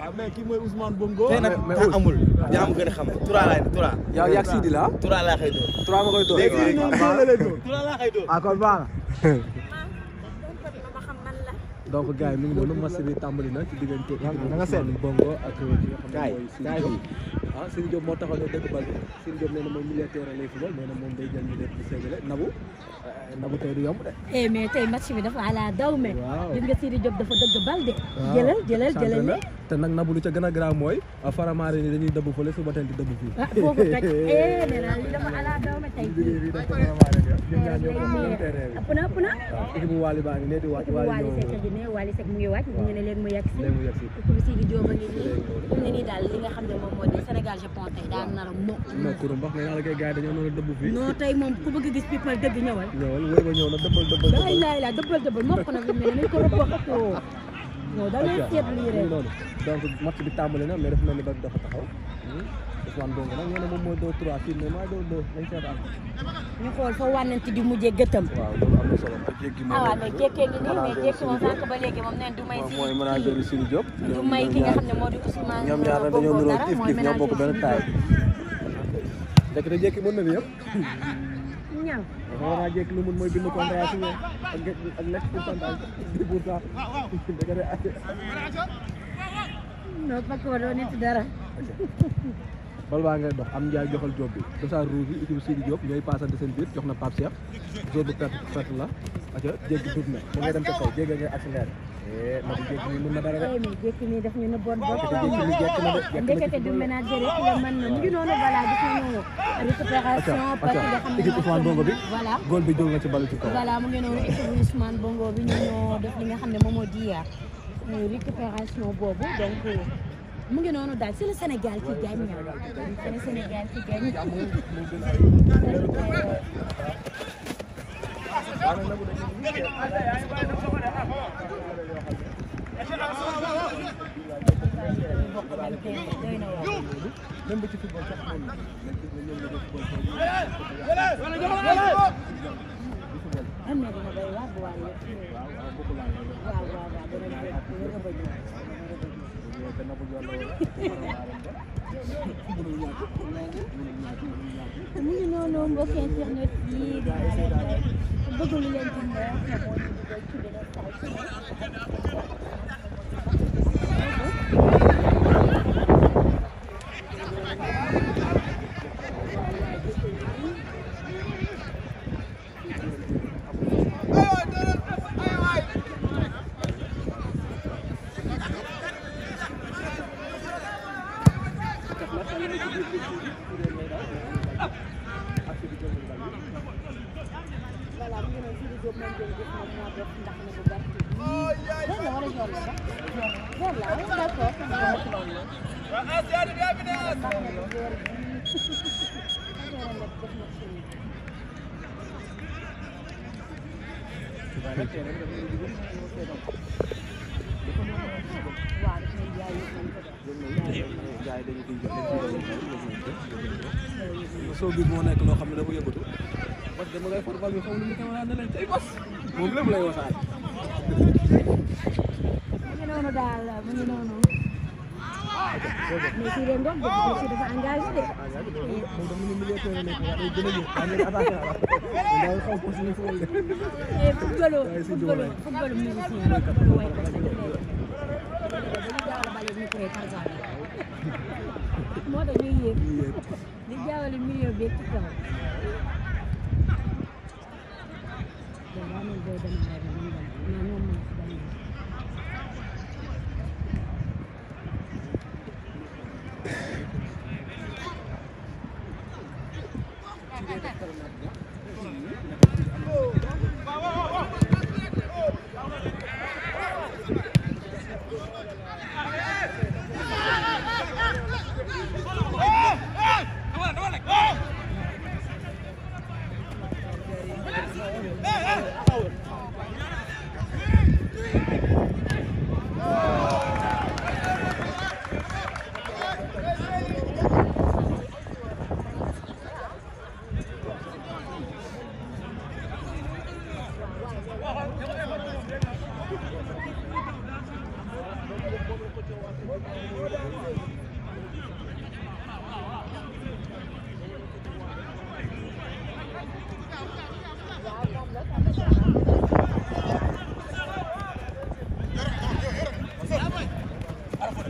waaw mais kii mooy Ousmane Bongo. tey nag temps amul. yaa ma gën a xam Tura laay Tura. yow yaa ngi Sidi la ah. Tura laa xëy door. Tura ma koy door léegi léegi ñoom Tura la lay door. Tura laa xëy door. ah kon baax na. donc gars yi mi ngi noonu match bi tàmbali na ci diggante Ousmane Bongo ak ki nga xam ne mooy ah Sidi Diop moo taxaw ne dëgg bal bi Sidi Diop nee na moom militaire lay football nee na moom day jël milieu di séddale nabu eh, nabu tey du yomb de. eh mais tey match bi dafa ala daw mais. waaw gis nga Sidi Diop dafa dëgg bal de. jëlal jëlal jëlal te nag nabu lu ca gën a grand mooy ah, faramaare ni dañuy dëbb fële suba teel di dëbb fii. ah foofu eh, teg eh, ah, baa ngi nee di wàcc. Waly Seck gi nee Waly Seck mu ngi wàcc ñu ne léegi mu a nii. daal li nga xam ne moom moo di Sénégal Japon tey daal nar a mokk. mokk mbax mais yàlla kay gars dañoo nar dëbb fii. non tey moom ku bëgg gis people dëgg ñëwal. ñëwal wéy ba ñëw na dëbbal dëbbal. dëbbal dëbbal mokk na fi mu ne nañ ko moo da ngay seet lii rek donc match bi tàmbali na mais daf mel ni ba dafa taxaw. Ousmane Bongo nag nee na moom mooy doo trois fii mais maa doo doo dañ seetaan. ñu xool fa wànnante di mujjee gëttam. waaw loolu am na solo te jékki moom. ah mais jékkee ngi nii mais jékki moom sànq ba léegi moom nee du may. si mooy manager bi Sidi Diop. du may ki nga xam ne moo di Ousmane. ñoom ñaar dañoo niróo kif kif ñoo bokk benn taay. fekk na waaw naa jekk lu mun mooy bind contrat signé ak ak lekk pourcentage pour ça dëgg la. non parce que doo nit dara. bal ngay dox am njaay joxal job bi dosaar rouge bi équipe Sidi Diop ñooy paasante seen jox na Pape Cheikh job bu perte perte la ak jéggi dugub na da ngay dem ca kaw jéggi ngay accéléré. ma di jékki mën na dara de. jékki nii daf ñu nëbboon bopp. ndekete du ménager rek la mën na mu ngi noonu voilà gis nañu récupération parce que xam ne équipe Ousmane Bongo bi. voilà góol bi jóg na ci balu ci kaw. voilà mu ngi noonu équipe Ousmane Bongo bi ñu ñoo def li nga xam ne moom moo di yaar muy récupération boobu donc. mu ngi noonu daal c'est le Sénégal qui gagne c'est le Sénégal qui gagne. daal doy na waar même ba ci football sax moom la am na dina doy waar bu waar waaw waaw waaw dina doy mu ngi noonu mbokk internet yi di bëgg lu leen dimbal xamoon ci soo gis moo nekk loo xam ne dafa yëngatu parce que dama ngay football bi xaw ma nu mu xaw ma ne leen tey bas moom lépp lay wasaare. mu ngi noonu daal mu ngi noonu. mais Siré Ndom dafa engagé de. moom dafa ñu milieu terrain nekk waaye day gën a yëg waaye attaqué la waaye xaw ma suñu football de. football football mu ngi si micro yi par exemple moo tax ñuy yéeg di jaawale million bi ci kaw Bravo, bravo, bravo.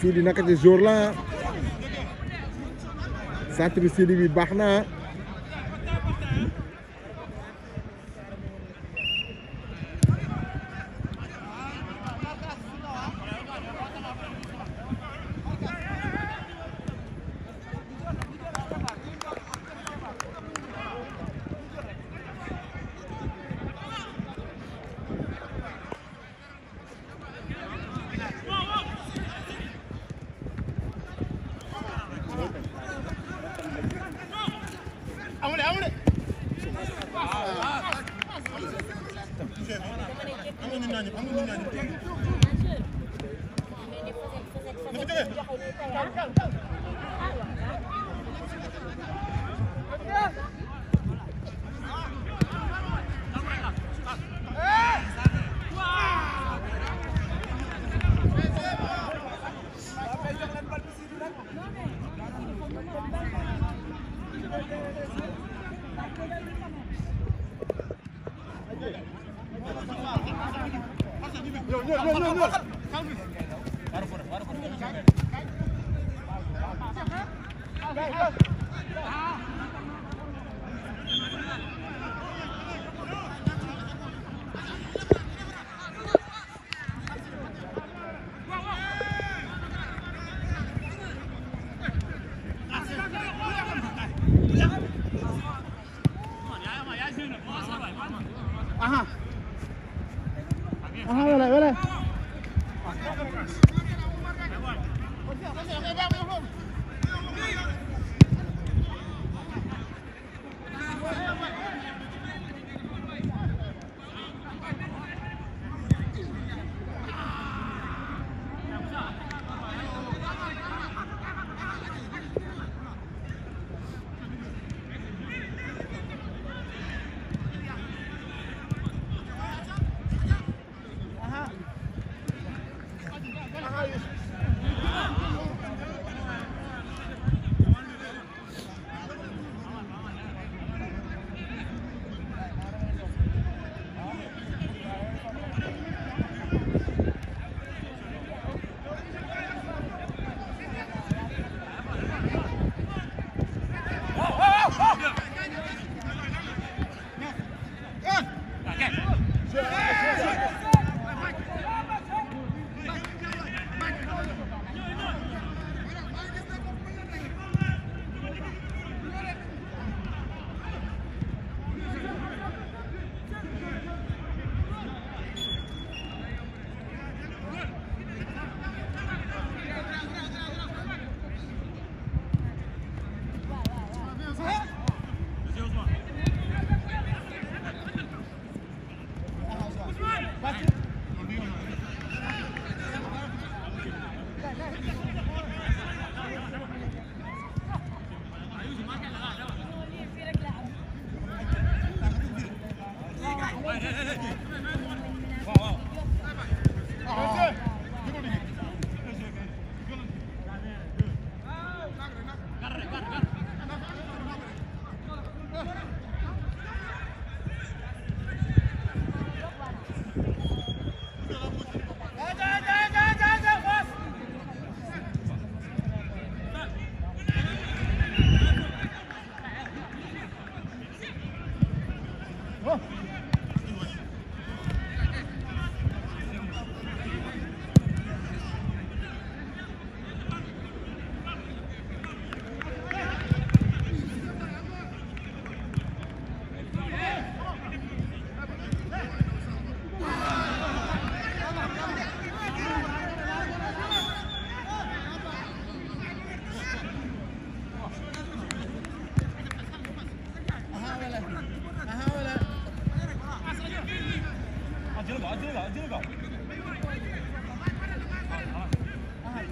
Sidi naka ci jour la centre Sidi bi baax na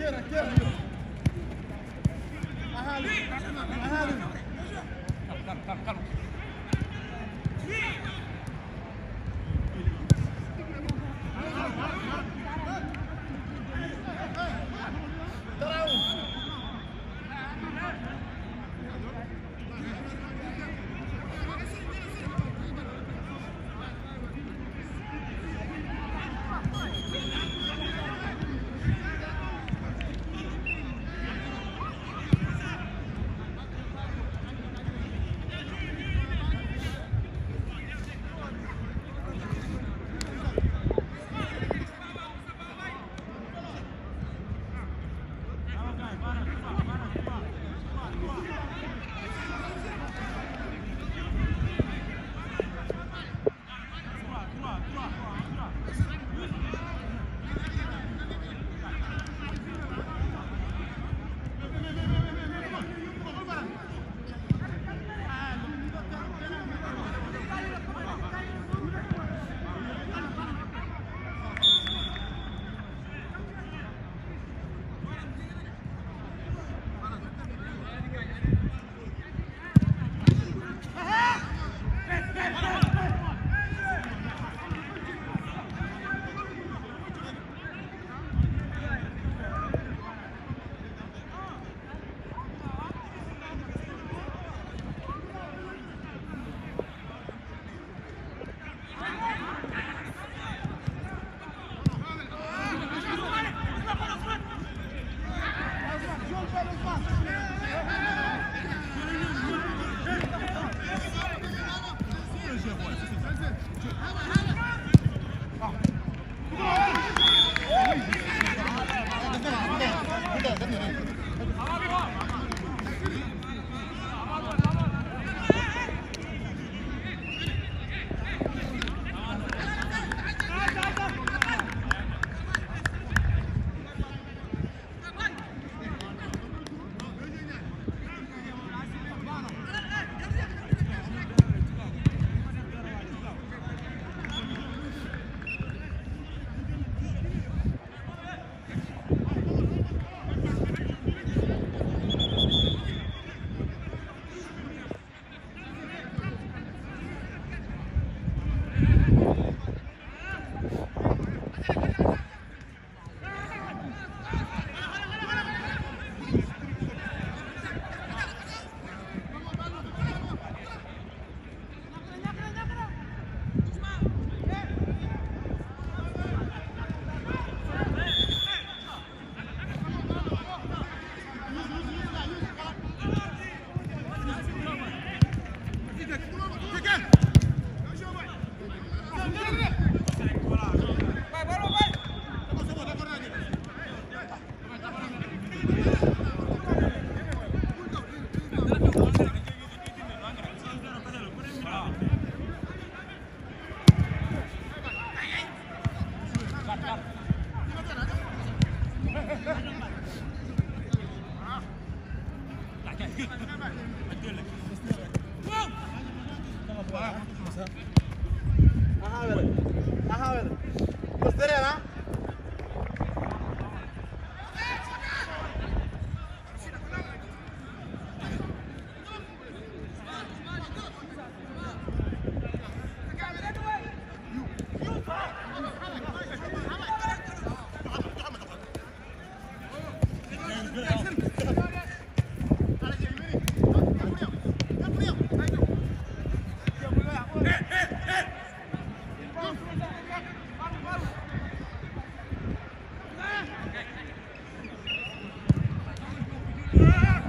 Ahali, ahali, ahali.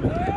Thank you.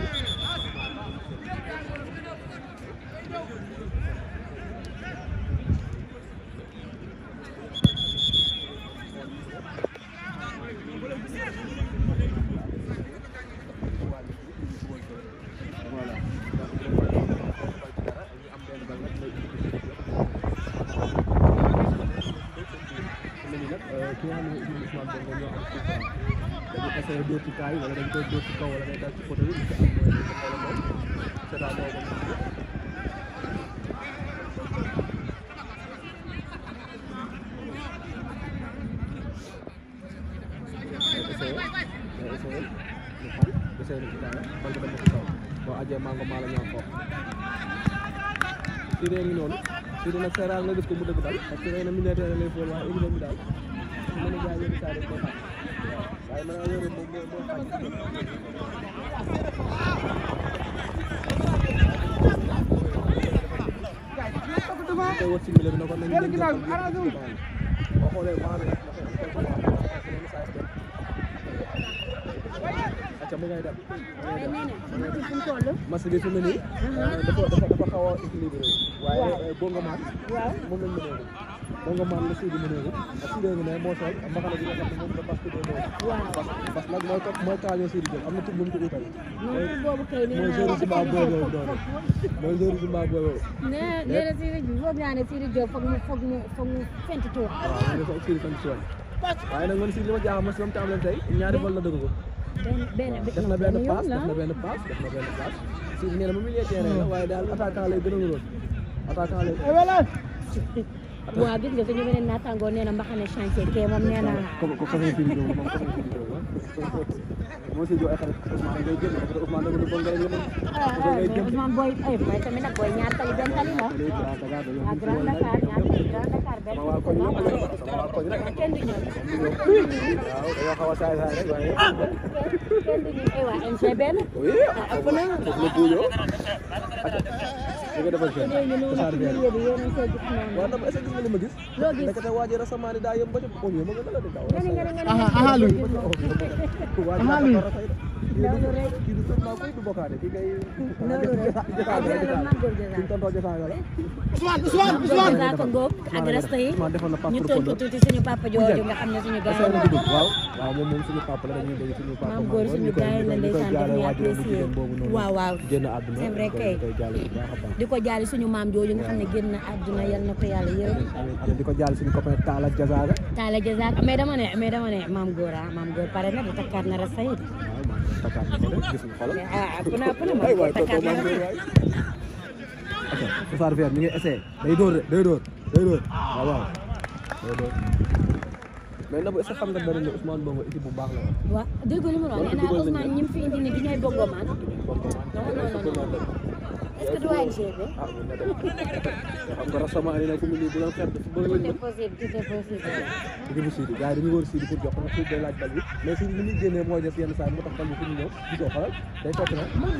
jee mango maa la ñaan ko Siré ngi noonu Siré nag seeraar nga def ko mu dëgg dal parce que nee na militaire lay fool waaye émission bi daal su mën a jaay yéen saa def ko xam waaye mën naa yore moom moo moo xaj ko wat si mbile bi na ko nañu jël boo xoolee ca mu ngay dem. marché bi fi mu ne nii. Uh-huh. Uh, dafa dafa dafa xaw a équilibré. waaye uh, bongo maan. waaw moom lañ mënee bongo maan la suudu mënee ko. ak suudu nga ne moo sol mbaxana bi nga xam ne moom la basket boobu. waaw parce que nag mooy topp mooy kaayoo suudu jël am na tur bu mu ko utal. mooy mooy zéro si mbaa boobu doole. mooy zéro si mbaa boobu. nee nee na Sidy foog naa ne Sidy Diop foog mu foog mu foog mu fent tuur. Ah, waaw nee na foog Sidy fent tuur waaye nag man Sidy li ma jaaxal ma si moom tam leen tey ñaari bol la dëgg ko. def na benn passe def na benn passe def na benn passe si nee na mu milieu terrain la waaye daal attaquant lay gën a wóoroon attaquant lay waaw gis nga suñu beneen naataangoo nee na mbaxane chantier kee moom nee na moo siy jox ay xarit Ousmane ngay jëm parce que Ousmane dafa doon ngay jëm. ngay jëm Ousmane booy ay eh, booy tamit nag booy ñaar tali benn tali la. ah Grand Dakar ñaar tali Grand Dakar benn tali. kenn du ñëw. waaw dañoo xaw a saay saay rek waaye. Ah! kenn du ñëw ay eh, waa MC benn. oui. ah ëpp na. Ah, li nga defal kenn tasaare bi waaw ndax est-ce que gis nga li ma gis. loo gis nekkate waa ji rasamaan yi daa yem ba ca poñ yi ma nga la di daaw. aha aha luy aha luy. kii du sëñ Maodo du bokkaate kii kay. Ousmane Ousmane Ousmane. ak rasta yi ñu tënk ko suñu papa jooju nga xam ne suñu gars yi waaw waaw moom moom suñu papa la dañuy dégg suñu papa maam góor suñu waaw waaw di ko jaali suñu maam jooju nga xam ne génn na àdduna yal na ko yàlla yërëm di ko jaali suñu copain Talla Jazaga Talla Jazaga mais dama ne mais dama ne maam góor ah maam góor pare na di na rasta takkaat na ko de gis nga xoolal. aywa kooku moom mooy waay. ok Saar Vier mi ngi essayé day dóor de day xam nga benn ne Ousmane Bongo bu baax la woon. waaw dégg nga li ma wax nee naa Ousmane ñi bi ñooy Bongo man. non non est-ce que du ANG bi. ah bu xam nga rassemblement yi nekk nii bu doon xeet dafa bëri nañu. déposé déposé. déglu Sidi gars yi dañu wër Sidi pour jox ko Sidi day laaj bal bi mais Sidi li muy génnee moo def yenn saa yi mu tax bal bi fu ñu ñëw di ko xoolal day fekk na. moom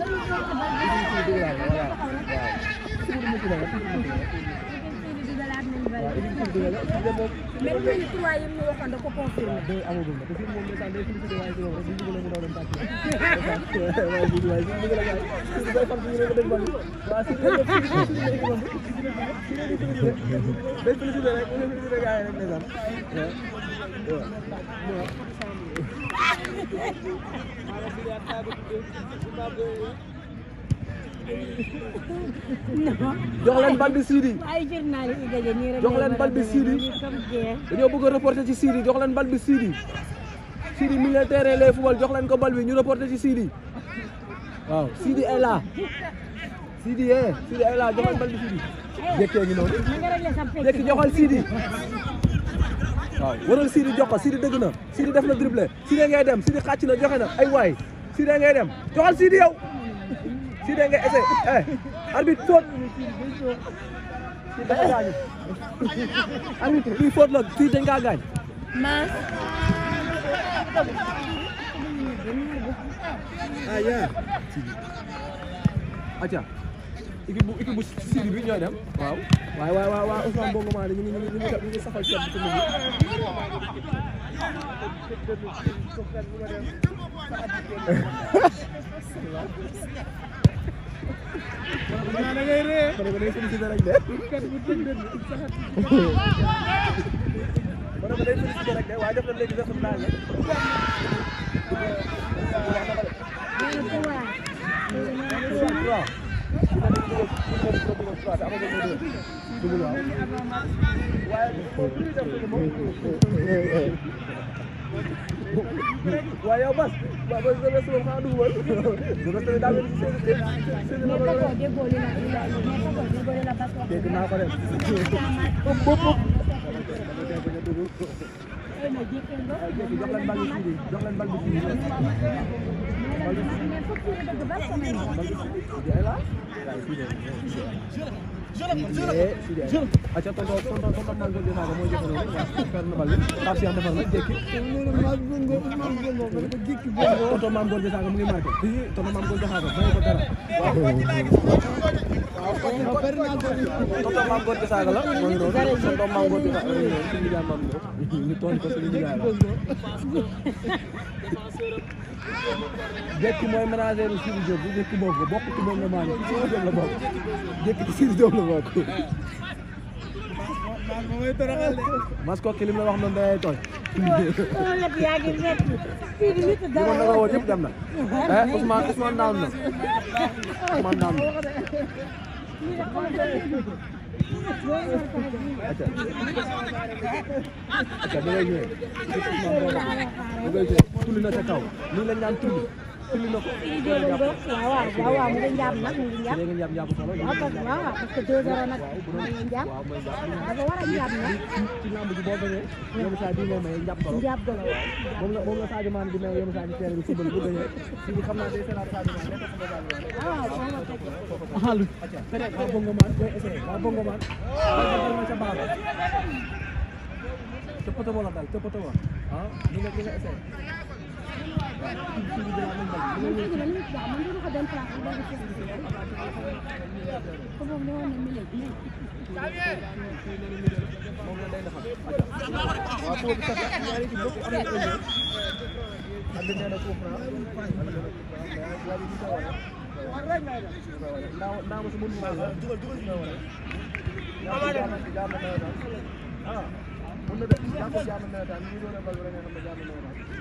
mais bu ñu trois yi mu waxoon da ko confirmé. waaw amagul na te fii moom sax day félicité waaye si wax rek bu ñu bëggoon mu daw dem tàcc. waaye bu ñu waaye bu ñu bëgg la waaye su ñu koy far su ñu leen dégg bon waaw su ñu leen def su ñu leen dégg bon su ñu leen di félicité day félicité rek bu ñu félicité gars yi rek dèjà. waaw waaw. jox leen bal bi Sidi. jox leen bal bi Sidi. dañoo bëgg a ci Sidi jox leen bal bi Sidi. Sidi militaire lay football jox leen ko bal bi ñu reporter ci Sidi. waaw Sidi est là. Sidi eh Sidi est là jox leen bal bi Sidi. jékkee ngi noonu. jékki joxal Sidi. ko Sidi dëgg na Sidi def na dribblé Sidi ngay dem Sidi xàcc na joxe na ay waay Sidi ngay dem joxal Sidi yow. si dee nga essayé eh arbitre faute si da nga gaañu arbitre kii faute la kii bi ñooy dem waaw waaye waaye waaye waaye Ousmane Bongo Mané ñu ngi da ngay ree ma ne ko day félicité rek de kat bu tëj dënn saxat ma ne ko day félicité rek de waaye def na léegi sax naa ne waaye waaw yow Bas waaw Bas Bas moom xanaa dugg mooy. dégg naa ko def. jox leen bal bi fii jox leen bal bi fii. bal bi fii. acca tonton tonton tonton Mame Goor Diazaka mooy joxe noonu fer na bal bi Pape Cheikh defar na jékki tonton Mame Goor Diazaka mu ngi marqué tonton Mame Goor Diazaka bàyyi ko dara tonton Mame Goor Diazaka la mooy noonu tonton Mame Goor Diazaka suñu jaay Mame Goor ñu toon ko suñu jaay la Jekki mooy manager bu Sidy Diop bu Jekki bokk bokk ci moom la maa ne Sidy Diop la bokk Jekki ci Sidy Diop la bokk. mas ko kilim la wax noonu da ngay tooñ. lépp yaa ngi nekk fii di nit dara. li ma woon yëpp dem na. eh Ousmane Ousmane daanu na Ousmane daanu na. acca da ngay ñëwee da ngay ñëwee tulli na sa kaw ñu la ñaan tulli fili na ko. fili jëloon ba waaw waaw waaw waaw mu ngi njaam nag mu ngi njaam. mu ngi njaam njaam solo. waaw parce que waaw parce que deux zéro nag maa ngi njaam. dafa war a njaam nag. ci lamb ji boo demee. yenn saa bii ngay maye njaam solo. njaam solo waaw. moom la moom la Sadio Mané di maye yenn saa ci terrain bi football bu demee. fii xam naa day seelaat Sadio Mané nekk sama Sadio Mané. waaw waaw moom la ko. ah lu. waaw bongo maan day essayé waaw bongo maan. waaw ca baax ca poto wala daal ca poto wala ah ñu nga ñu nga essayé. ah mën na def jàmm jàmm nawetaan ñu ngi doon bal rek nga xam ne jàmm nawetaan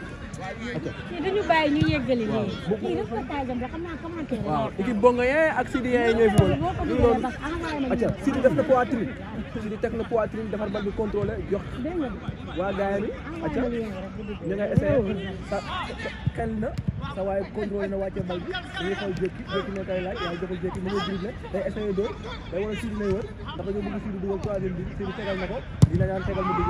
duñu bàyyi ñu yeggali lii. kii reportage am la xam naa commentaire. waaw équipe bongo yee ak Sidi yee ñooy football. acca Sidi def na poitrine. Sidi teg na poitrine defar bal bi contrôlé jox. waa gars yi acca ñu ngay sa waaye contrôlé na wàcce bal bi dañuy xaw jékki jékki moo koy laaj waaye joxul jékki mu ngi dribble day essayé dóor day war a suudu lay wër ndax dañoo bëgg na ko dina ñaan tegal mu dugg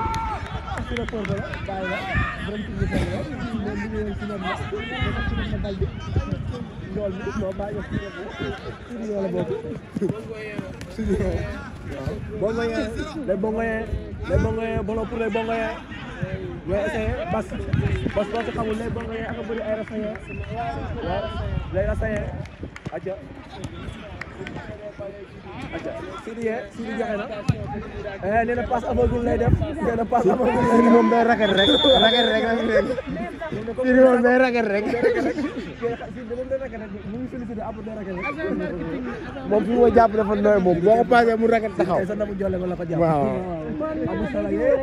su la porte la bàyyi la borom tur bi sol la moom li ngeen si ñoom la dafa ci na looy essayé bas bas boo ko xamul léegi boo ko yee ak a bëri ay rafet waaw lay rafet acca Sidi yee Sidi joxe na. Eh, nee na passe amagul def. nee na passe amagul moom day ragal rek ragal rek la fi nekk. Sidi moom day ragal rek. mu ngi félicité amul day ragal rek. moom fi mu koy mu ragal taxaw. tey sa ndamu jolle ba la ko jàpp. waaw amul solo yëpp.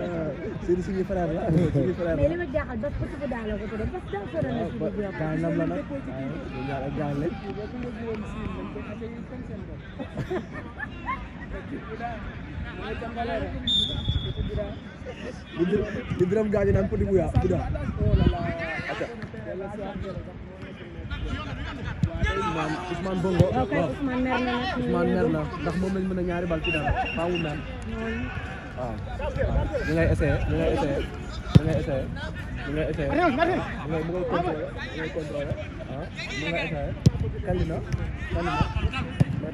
la eh, suñu frère ba parce que daal la ko di biram gaañu naan petit buya buda aca Ousmane Ousmane Bongo waaw Ousmane mer na ndax moom lañ mën a ñaari bal ci dara faawu mer waaw ñu ngay essayé ñu ngay essayé ñu ngay essayé ñu ngay essayé ñu ngay mu ngay contrôlé mu ngay contrôlé ah mu ngay essayé kali na kali na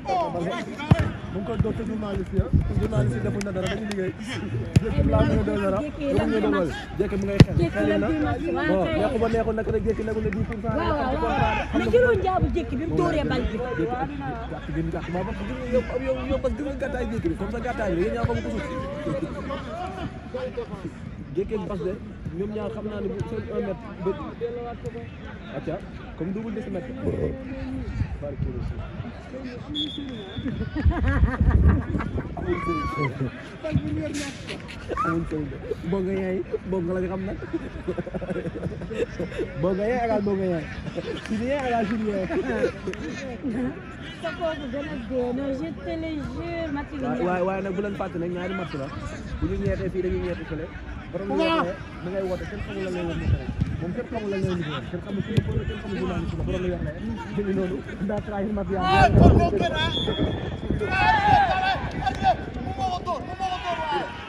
oh. mu ngi koy doon te journaliste ya journaliste yi defuñ na dara dañuy liggéey jékki laa ngay doon dara dafa ngay doon jékki mu ngay xel xel yi nag bon neexu ba neexul nag rek jékki nag ne 10 pour cent mais jëloon jaabu jékki bi mu dóoree bal bi gàtt bi gàtt maa parce que yow yow yow parce que gën a gàttaay jékki bi comme ça gàttaay bi yéen ñaa ko mu ko suuf jékki bas de ñoom ñaar xam naa ne bu seen un mètre ba acca comme double décimètre. bongo yaay bongo lañ xam nag bongo yaay ak al bongo yaay suñu yaay ak al suñu yaay. waaye waaye nag bu leen fàtte nag ñaari match la bu ñu ñeetee fii dañuy ñeeti fële. borom ñu waxee da ngay woote kenn xamul la lay wax moom kenn xamul la ngay liggéey kenn xamul suñu borom kenn xamul suñu naan suñu borom la yor la jëli noonu ndaa trahir ma fiyaa mu ma ko door mu ma ko door waaye